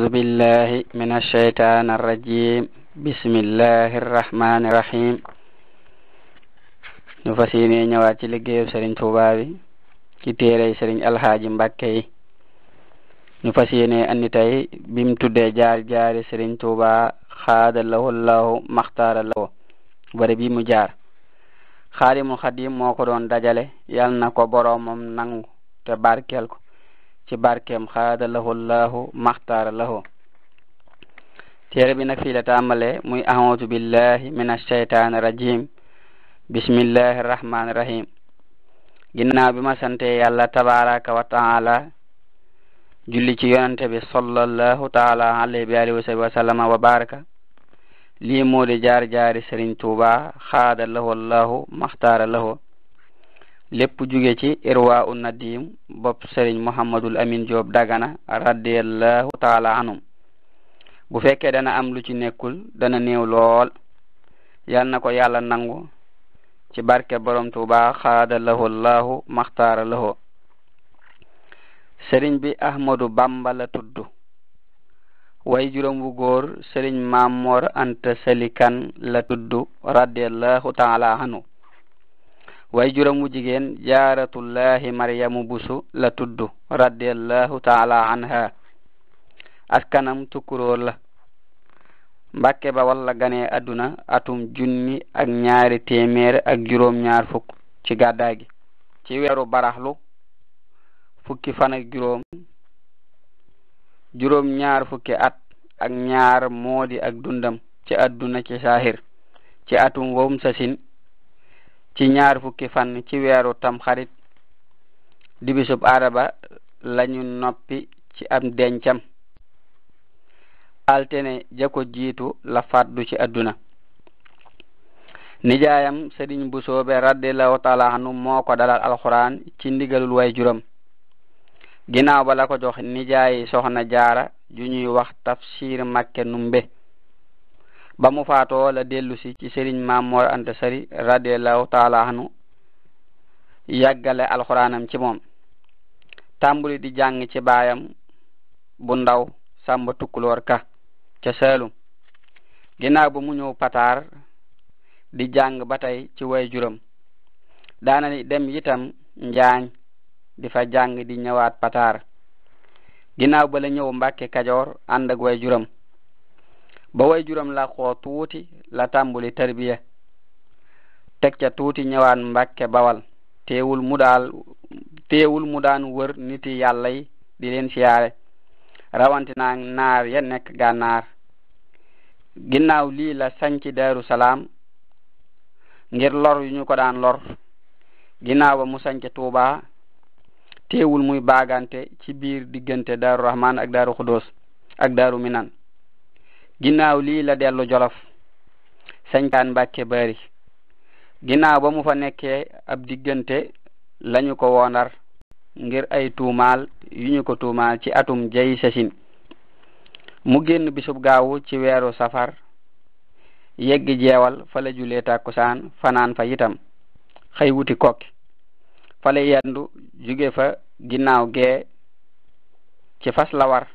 أعوذ بالله من الشيطان الرجيم بسم الله الرحمن الرحيم ñu fas yéene ñëwaat ci liggéeyub sëriñ Tuubaa bi ci téerey sëriñ Alxaaji Mbàkke yi ñu fas yéene andi tey bim tuddee jaar jaari sëriñ Tuubaa xaada lahu llahu maxtaara lahu bare bi mu jaar xaadimul xadim moo ko doon dajale yal na ko boroomam nangu te barkeel ko ci barkeem xaada lahu llahu maxtaara lahu téere bi nag fii la muy ahudu billahi min ashaytaani rajim bismillahi rahmaani rahim ginnaaw bi ma sante yàlla tabaraka wa taala julli ci yonante bi sallallahu taala alayhi bi alihi wa wa sallama wa baraka lii moo di jaar jaari sëriñ tuuba xaada lahu llahu maxtaara lahu lépp jóge ci irwa u nadim bopp sëriñ muhammadul amin joob dagana radiallahu taala anhum bu fekkee dana am lu ci nekkul dana néew lool yal na ko yàlla nangu ci barke borom tuuba xaada lahu allahu maxtaara lahu sëriñ bi ahmadu bamba la tudd way juróom wu góor sëriñ maam mor anta la tudd radiallahu taala anhu way juram wu jigéen jaaratullahi maryamu busu la tuddu radiallahu taala anha askanam tukkuroor la mbàkke ba walla ganee adduna atum junni ak ñaari téeméer ak juróom ñaar fukk ci gàddaay gi ci weeru baraxlu fukki fan ak juróom juróom ñaar fukki at ak ñaar moodi ak dundam ci adduna ci saahir ci atum wom sasin ci ñaar fukki fann ci weeru tam xarit dibisub araba lañu noppi ci am dencam altene jako jiitu la faddu ci aduna nijaayam sëriñ bu soobe radiallahu taala anu moo ko dalal alquran ci ndigalul way juram ginaaw ba la ko jox nijaayi soxna jaara ju ñuy wax tafsir makke numbe mbe ba mu faatoo la dellu si ci sëriñ maam moor ante sëri radiallahu taala anu yàggale alxuraanam ci moom tàmbuli di jàng ci baayam bu ndaw samba tukkuloor ka ca seelum ginnaaw ba mu ñëw pataar di jàng ba tey ci way juram daana ni dem itam njaañ di fa jàng di ñëwaat pataar ginnaaw ba la ñëw mbàkke kajoor ànd ak way juram ba way juram làqoo tuuti la tàmbuli tarbiya teg ca tuuti ñëwaan mbakke bawal teewul mu daal teewul mu daan wër niti yàlla yi di leen siyaare rawanti naa naar ya nekk gànnaar ginnaaw lii la sanci daaru salaam ngir lor yu ñu ko daan lor ginnaaw mu sanc tuuba teewul muy baagante ci biir diggante daaru rahman ak daaru xudóos minan ginnaaw lii la dellu jolof sañtaan bàcce bëri ginnaaw ba mu fa nekkee ab diggante lañu ko woonar ngir ay tuumaal yu ñu ko tuumaal ci atum jey sasin mu génn bisub gaaw ci weeru safar yegg jeewal fala julee tàkkusaan fanaan fa itam xëy wuti kokki fala yendu jóge fa ginnaaw gee ci fas la war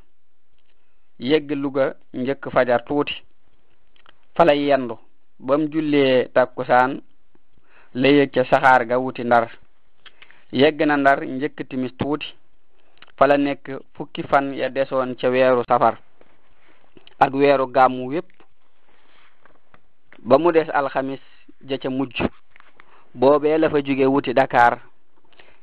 yegg Luga njëkk fajar tuuti fala yendu bam jullee takkusaan la yëg ca saxaar ga wuti Ndar yegg na Ndar njëkk timis tuuti fa la nekk fukki fan ya desoon ca weeru safar ak weeru gàmmu wépp ba mu des alxamis ja ca mujj boobee la fa jóge wuti Dakar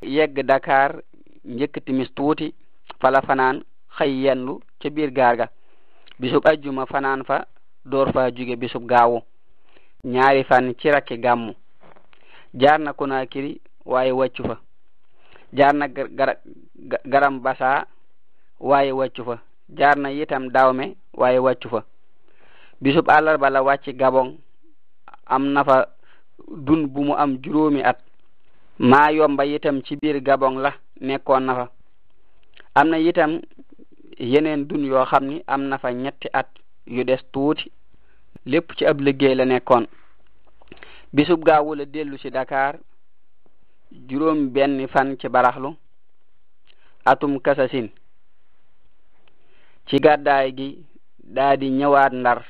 yegg dakaar njëkk timis tuuti fala fanaan xay yendu ca biir gaar ga bisub ajjuma fanaan fa door fa jóge bisub gaawu ñaari fan ci rakki gàmmu jaar na Konaakiri fa jaar na garam basa waaye wàccu fa jaar na itam dawme waaye wàccu fa bisub àllarba la wàcci Gabon am nafa dun bu mu am juróomi at maa yomba itam ci biir Gabon la nekkoon na fa am na itam yeneen dun yoo xam ni am na fa ñetti at yu des tuuti lépp ci ab liggéey la nekkoon bisub gaawu la dellu ci Dakar juróom benn fan ci baraxlu atum kasasin ci gàddaay gi daa ñëwaat ndar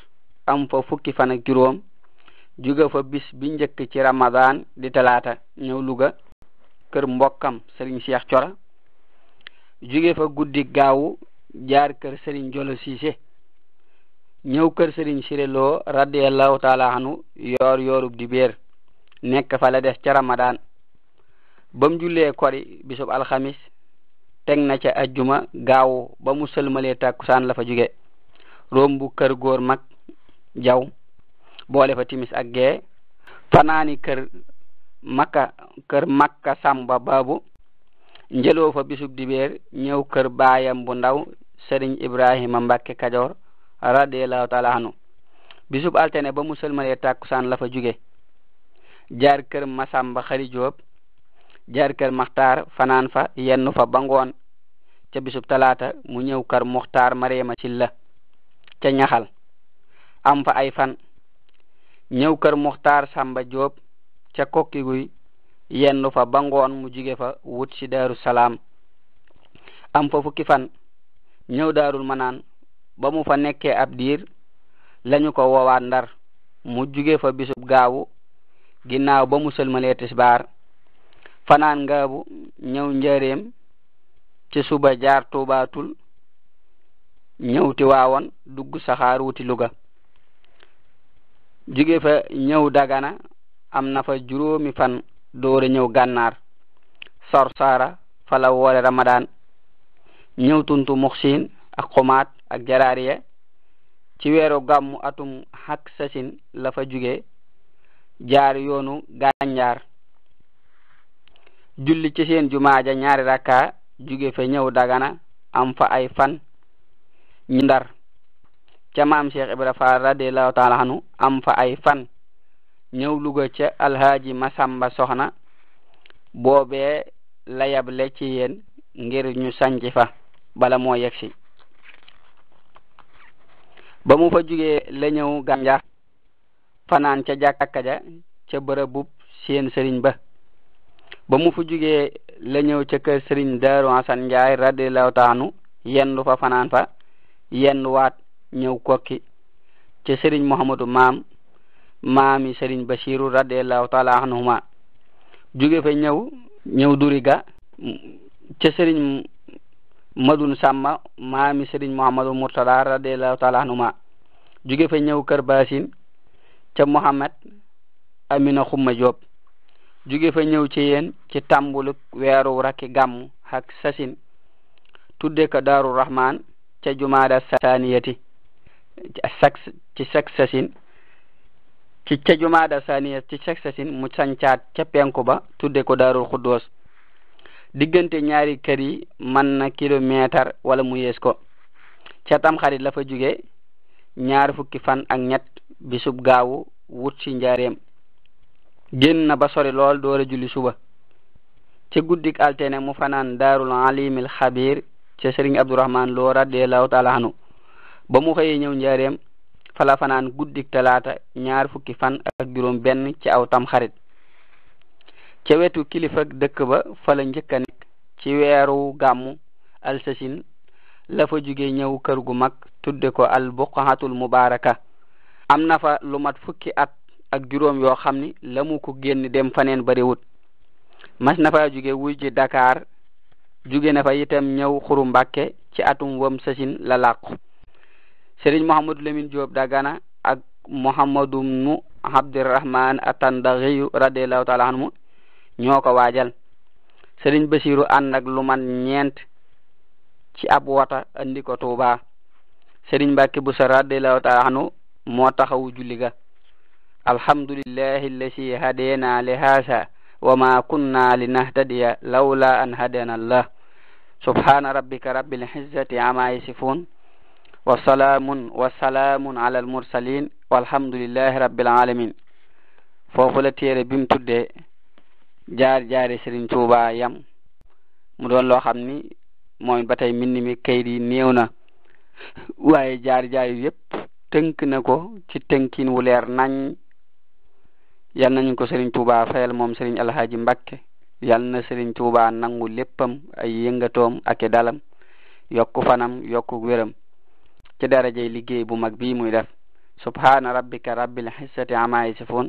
am fa fukki fan ak juróom juga fa bis bi njëkk ci ramadan di talaata ñëw Luga kër mbokkam Sëriñ Seex Cora jóge fa guddi gaawu jaar kër Serigne Jolo Cissé ñëw kër Serigne Siré Lo radiallahu taala anu yoor yoorub di nekk fa la ca Ramadan ba jullee kori bisub alxamis teg na ca ajuma gaaw ba mu sëlmalee tàkkusaan la fa jóge rombu kër góor mag jaw boole fa timis ak gee fanaani kër makka kër makka samba baabu njëloo fa bisub dibéer ñëw kër baayam bu ndaw Serigne Ibrahima Mbacke Kajoor radiallahu taala anhu bisub altene ba musulmane tàkkusaan la fa jóge jaar kër Masamba Xari Joob jaar kër Maxtaar fanaan fa yennu fa ba ca bisub talaata mu ñëw kër Muxtaar Mariama Silla ca ñaxal am fa ay fan ñëw kër Muxtaar Samba Joob ca kokki guy yennu fa ba ngoon mu jóge fa wut si Daaru Salaam am fa fukki fan ñëw daarul manaan ba mu fa nekkee ab diir lañu ko woowaat ndar mu juge fa bisub gaawu ginnaaw ba mu sëlmalee tisbaar fanaan ngaabu ñëw njëreem ci suba jaar tuubaatul ñëw tiwaawoon dugg saxaar wuti luga juge fa ñëw dagana am nafa fa juróomi fan doora ñëw gànnaar sor fa la woore ramadaan ñëwtuntu muxsin ak xumaat ak jaraariya ci weeru gàmmu atum xak sasin la fa jóge jaar yoonu gànjaar julli ci seen jumaaja ñaari rakka jóge fa ñëw dagana am fa ay fan ñu ndar ca maam Cheikh Ibra ay fan ñëw Luga ca alhaaji Masamba Soxna boobee la yable ci yéen ngir ñu sanc fa bala moo yegg si ba mu fa jugee la ñëw gànjaar fanaan ca jàkka ja ca bërëbub seen sëriñ ba ba mu fa jugee la ñëw ca kër sëriñ Daaru Asan Njaay radiyallahu taanu yendu fa fanaan fa yendu waat ñëw kokki ca sëriñ Muhammadu maam maami sëriñ Basiru radiyallahu taala anhuma juge fa ñëw ñëw duriga ca sëriñ madun sàmma maami sëriñ mouhamadou mourtala radiallahu taala anhuma jóge fa ñëw kër basin ca mouhamad amina xumma joob jóge fa ñëw ci yéen ci tàmbuluk weeru rakki gàmm ak sasin tudde ko daaru rahman ca jumaada saniyati sax ci sax sasin ci ca jumaada saniyati ci sax sasin mu sancaat ca penku ba tudde ko daarul xuddoos diggante ñaari kër yi man na kilometre wala mu yees ko ca tam xarit la fa juge ñaar fukki fan ak ñett bisub gaawu wut ci njaareem génn na ba sori lool door a julli suba ca guddik altene mu fanaan daarul alim al xabir ca sëriñ abdourahman loora delaahu taala anu ba mu xëyee ñëw njaareem fa la fanaan guddik talaata ñaar fukki fan ak juróom benn ci aw tam xarit ca wetu kilifa dëkk ba fala la ci weeru gàmmu alsasin la fa jóge ñëw kër gu mag tudde ko al buqahatul mubaraka am na fa lu mat fukki at ak juróom yoo xam ni la mu ko génn dem faneen bariwut mas na fa jóge wuy ji Dakar jóge na fa itam ñëw xuru Mbàkke ci atum wam sasin la làqu Sëriñ Mouhamadou Lamine Diop Dagana ak Mouhamadou nu Abdirahman Atandaxiyu radiallahu taala anhu ñoo ko waajal sëriñ Basiru ànd ak lu man ñeent ci ab wata andi ko Tuuba sëriñ Mbàkke Buso radiallahu taala anhu moo taxawu julli ga alhamdulillahi allasi hadena li haasa wa ma kunna linahtadiya lawla an hadena allah subhana rabbika rabbil izzati ama yasifun alamin foofu la téere bim tudde jaar jaari Serigne Touba yam mu doon loo xam ni mooy ba tey mbind mi kayit yi néew na waaye jaar jaar yëpp tënk na ko ci tënkin wu leer nañ yal nañ ko Serigne Touba fayal moom Serigne Alhaji Mbakke yal na Serigne Touba nangu léppam ay yëngatoom ak dalam yokku fanam yokku wéram ci darajay liggéey bu mag bii muy def subhaana rabbika rabbil xissati ama yasifun